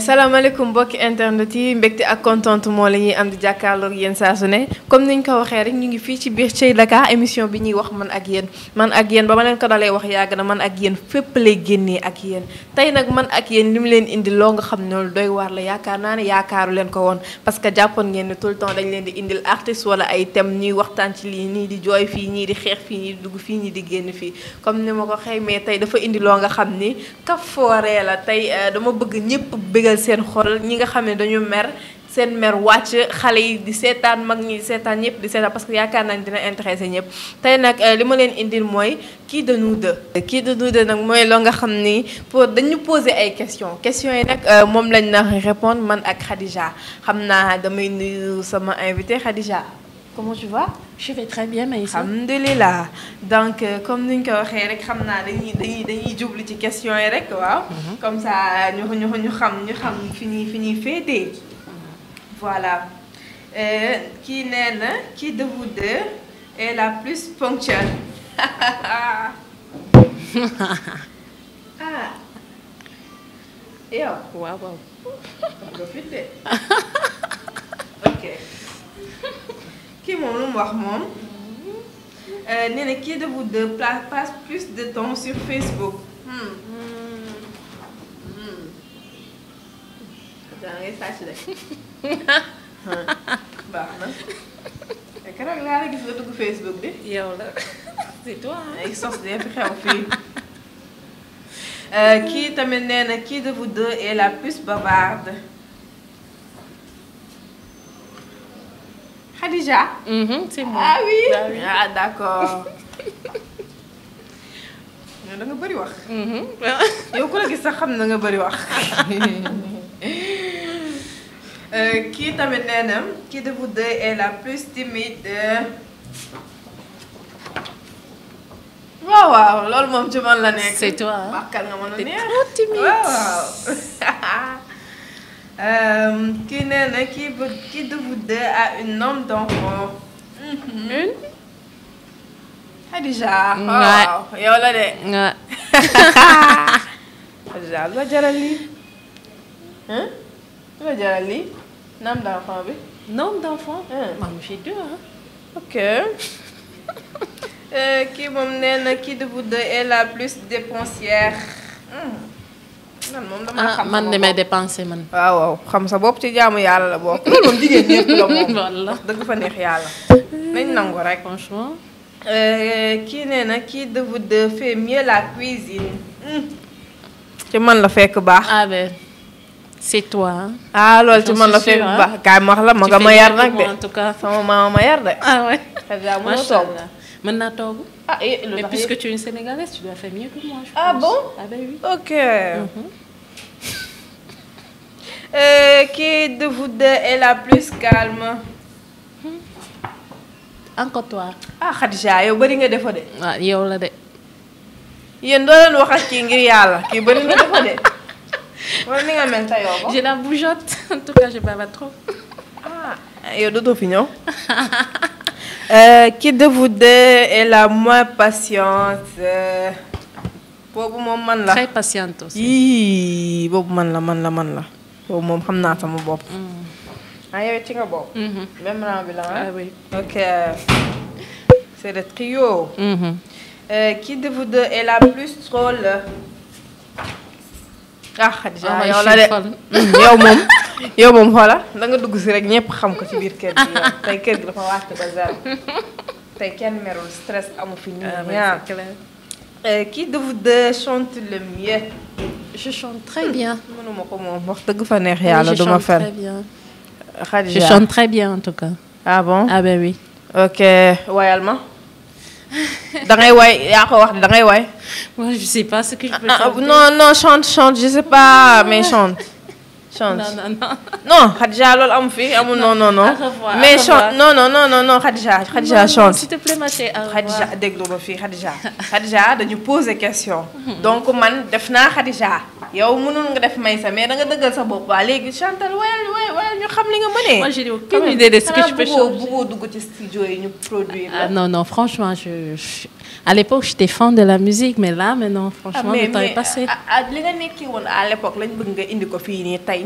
salaamaaleykum mbokki internet yi mbégte ak contente moo la ñuy am di jàkkaarloog yéen saa su ne comme niñ ko waxee rek ñu ngi fii ci biir ci Thiey Dakar émission bi ñuy wax man ak yéen man ak yéen ba ma leen ko dalee wax yàgg na man ak yéen fépp lay génnee ak yéen tey nag man ak yéen li mu leen indi loo nga xam ne doy waar la yaakaar naa ne yaakaaru leen ko woon parce que jàppoon ngeen ne tout le temps dañ leen di indil artiste wala ay thème ñuy waxtaan ci lii nii di jooy fii ñii di xeex fii ñii dugg fii ñii di génn fii comme ni ma ko xëy tey dafa indi nga xam ni kafooree la tey euh, dama bëgg ñëpp yëgal sen xol ñi nga xam dañu mer sen mer wàcc xalé yi di seetaan mag ñi seetaan ñep di seetaan parce que yaakaar nañ dina intéresser ñep tay nak euh, li ma leen indil mooy qui de nous deux. qui de nous deux nak moy lo nga xamni pour dañu poser ay questions questions yi nak euh, mom lañ na répondre man ak Khadija xamna naa damay nuyu sama invité Khadija comment tu vois je vais très bien Maïssa. donc euh, comme ni avons rek mhm. comme ça nous, nous fini, xam nous mhm. voilà Qui euh, nest qui de vous deux est la plus ponctuelle. ah. wow. waaw waaw. ok. Qui m'ont mon nom? Euh, qui de vous deux passe plus de temps sur Facebook. Hmm. Hmm. Hmm. Facebook c'est toi. de hein. euh, qui de vous deux est la plus bavarde. Mm-hmm, c'est moi. Ah oui bah Ah, d'accord. tu mm-hmm. qui euh, de vous deux est la plus timide. Waouh, c'est toi. Hein. trop timide euh, qui n'est qui, qui de vous deux a une nombre d'enfants mm Ah déjà? Hadija. Oh, yow la de. Hadija lu la jaral lii. lu la jaral lii. nombre d'enfants oui. nombre d'enfants. man j'ai deux hein. ok. Euh, qui m'emmène qui de vous deux est la plus dépensière. Mm man ah, man may dépensé man. waaw waaw sa bopp ci jaamu yàlla la loolu moom jigéen ñëpp la moom fa neex yàlla. nañ nangu rek. franchement. Euh, kii qui de vous fait mieux la cuisine. Hmm. ci man la fekk baax. ah ben c'est toi. Hein. ah loolu ci man la fekk hein. baax. kaay ma la ma ma yar nag de. tout cas sama maama ma yar de. ah mën naa ah et le mais puisque tu es une sénégalaise tu dois faire mieux que moi. je ah pense ah bon ah ben oui. ok. Mhm. Euh, qui de vous deux est la plus calme. Hmm? encore toi. ah Khadija yow bëri nga defoo de. waaw ah, yow la de. yéen doo leen wax ak kii ngir yàlla de bëri nga defoo de. wala ni nga mel tayoo j'ai la bougeotte en tout cas je bave trop. ah yow dootoo fi ñëw. Euh, qui de vous deux est la moins patiente pour boobu man la. très patiente aussi. pour man la man là, man la boobu moom xam naa sama Bob. Mm. ah yow ci Bob? Mm-hmm. même là, bi là hein? ah oui. ok c'est le trio. Mm-hmm. Euh, qui de vous deux est la plus drôle. ah déjà, ah, yow a de yow da ah, euh, qui de vous deux chante le mieux je chante très bien je chante très bien en tout cas ah bon ah ben oui ok wayal allemand? da way je sais pas ce que je peux ah, ah, non non chante chante je sais pas mais chante chance non non non. non Khadija loolu amu fi amul non non non. mais chante. non non non non non Khadija Khadija chante. s'il te plaît ma chérie Khadija déglu ma fii Khadija. Khadija dañu poser question. donc man defna Khadija. yow mënul nga def may sa mais da nga dëggal sa bopp waa léegi Chantal wayal wayal ñu xam li nga mënee. moi j'ai aucune idée de ce que je peux changer bëggoo dugg ci studio yi ñu produire. ah non non franchement je à l'époque j'étais fan de la musique mais là maintenant franchement. Ah, le temps est passé. Ah, ah, li nga nekki woon à l'époque lañ bëgg nga indi ko fii nii tey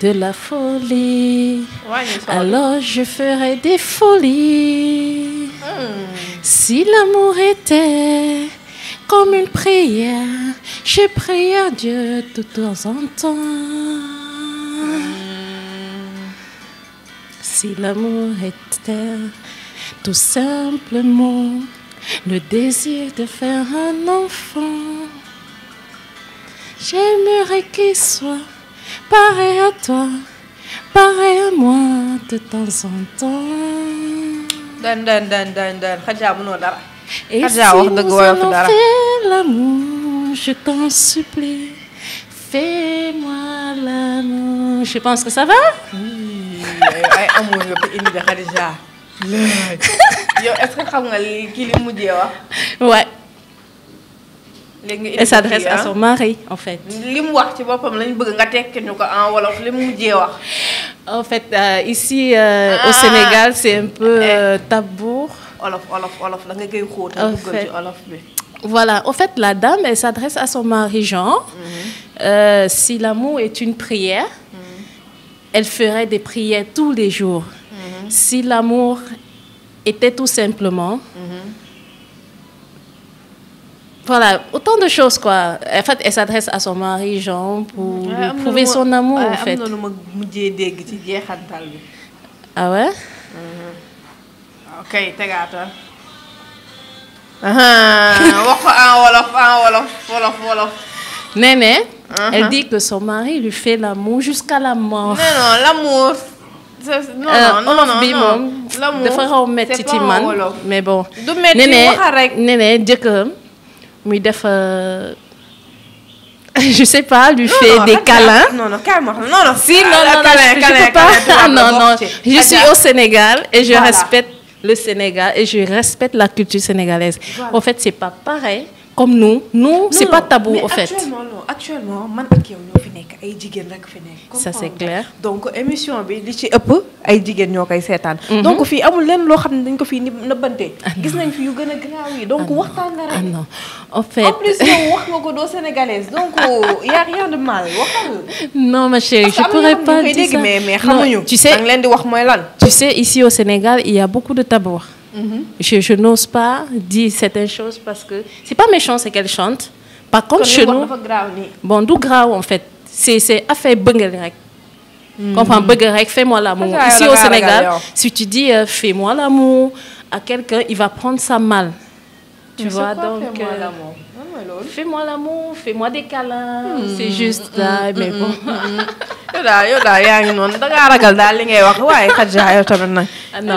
de la folie. Alors je ferai des folies. Hmm. Si l'amour était comme une prière, Je prie à Dieu de temps en temps. Hmm. Si l'amour était tout simplement le désir de faire un enfant, j'aimerais qu'il soit pareil à toi, pareil à moi de temps en temps. Dan dan dan dan dan Khadija mënoo dara. Khadija wax dëgg wax dara. L'amour, je t'en supplie, fais-moi l'amour. Je pense que ça va. Oui eh, eh, amour nga fi indi de Khadija. yow est-ce que xam nga kii li mujjee wax. waay. Elle s'adresse à hein. son mari en fait. en fait euh, ici euh, au ah. Sénégal c'est un peu eh. euh, tabou. voilà en fait la dame elle s'adresse à son mari genre. Mhm. si l'amour est une prière. Mhm. elle ferait des prières tous les jours. Mhm. si l'amour était tout simplement voilà, autant de choses quoi. En fait, elle s'adresse à son mari Jean pour prouver son amour en fait. Ah ouais? Uh-huh. Ok, t'es ah Néné, elle dit que son mari lui fait l'amour jusqu'à la mort. Non non, l'amour. non non euh, non non non. l'amour mais bon. Néné, néné, mais def euh, je sais pas lui fait des câlins non non calme non non si non non ne peux pas. non non je suis au Sénégal et je respecte le Sénégal et je respecte la culture sénégalaise en fait c'est pas pareil comme nous nous c'est pas tabou au fait actuellement non actuellement man ak yow ñoo fi nekk ay jigéen rek fi nekk ça c'est clair donc émission bi li ci ëpp ay jigéen ñoo koy seetaan mhm. donc fii amul lenn loo xam ne dañ ko fii nëbbante ah, gis nañ fi yu gën là. yi donc ah, waxtaan nga rek ah, non en fait en plus yow wax nga ko doo sénégalaise donc euh, y a rien de mal non ma chérie je pourrais pas dire ça mais mais tu sais tu sais ici au Sénégal il y a beaucoup de tabou Mm-hmm. Je, n'ose pas dire certaines choses parce que c'est pas méchant ce qu'elle chante. Par contre, chez nous, bon, d'où grave en fait, c'est affaire bungalek. Mm-hmm. Comprends, bungalek, fais-moi l'amour. Ici au Sénégal, si tu dis euh, fais-moi l'amour à quelqu'un, il va prendre ça mal. Tu vois, donc. Fais-moi euh, l'amour. Fais-moi l'amour, fais-moi des câlins. Hmm. c'est juste là, hmm, mais hmm, bon. non,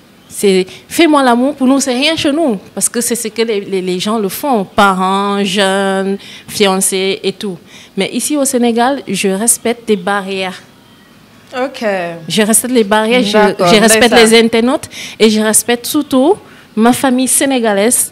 C'est fais-moi l'amour, pour nous, c'est rien chez nous, parce que c'est ce que les, gens le font, parents, jeunes, fiancés et tout. Mais ici au Sénégal, je respecte des barrières. Ok. Je respecte les barrières, je, je respecte les internautes et je respecte surtout ma famille sénégalaise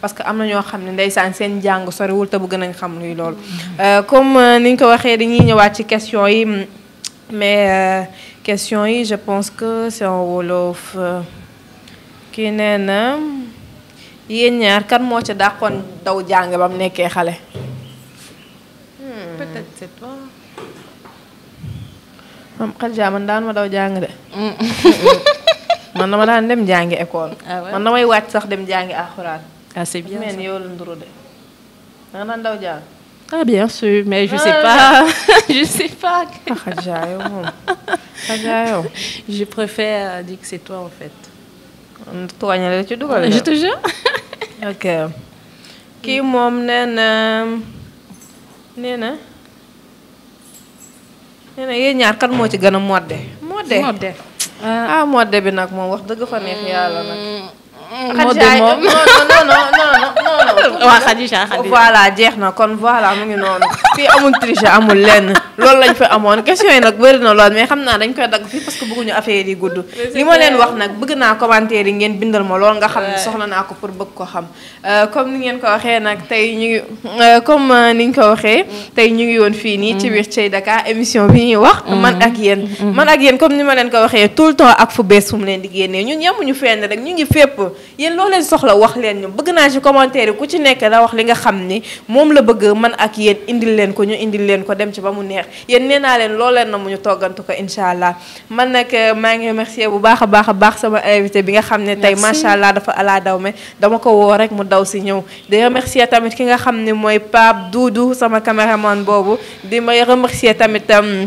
parce que am na ñoo xam ne ndeysaan seen jàng soriwul te bëgg nañ xam luy loolu. Euh, comme euh, ni ko waxee dañuy ñëwaat ci question yi mais euh, question yi je pense que c'est en wolof kii nee na yéen ñaar kan moo ca dàqoon daw jàng ba mu nekkee xale. Hmm. peut-être c'est toi. man daan ma daw jàng de. Hmm. man dama daan dem jàngi école. Ah man damay wàcc sax dem jàngi alxuraan. Ah, c'est bien. Mais Ah bien sûr, mais je ne sais ah. pas. je sais pas. Ah, je préfère dire que c'est toi en fait. Je te jure. ok. Qui mom nena nena nena yéen ñaar kan Je ci gën a modde. modde modde ah modde bi wax fa neex Modemo. No, no, no, no, no. voilà jeex kon voilà mu ngi noonu fii amul triche amul lenn loolu lañ fa amoon question yi nag bëri na lool mais xam naa dañ koy dagg fii parce que bëgguñu affaire yi gudd li ma leen wax nag bëgg naa commentaire yi ngeen bindal ma lool nga xam ne soxla naa ko pour bëgg ko xam comme ni ngeen ko waxee nag tey ñu ngi comme ni ñu ko waxee tey ñu ngi woon fii nii ci biir Thiey Dakar émission bi ñuy wax man ak yéen man ak yéen comme ni ma leen ko waxee tout le temps ak fu bees fu mu leen di génnee ñun yemuñu fenn rek ñu ngi fépp yéen loo leen soxla wax leen ñu bëgg naa ci commentaire yi ku ci nekk da wax li nga xam ni moom la bëgg man ak yéen indil leen ko ñu indil leen ko dem ci ba mu neex yéen nee naa leen loo leen na mu ñu toggantu ko incha allah man nag euh, maa ngi remercier bu baax a baax a baax sama invité bi nga xam ne tey macha allah dafa ala daw me dama ko woo rek mu daw si ñëw di remercier tamit ki nga xam ne mooy Pape Doudou sama caméraman boobu di may remercier tamit euh,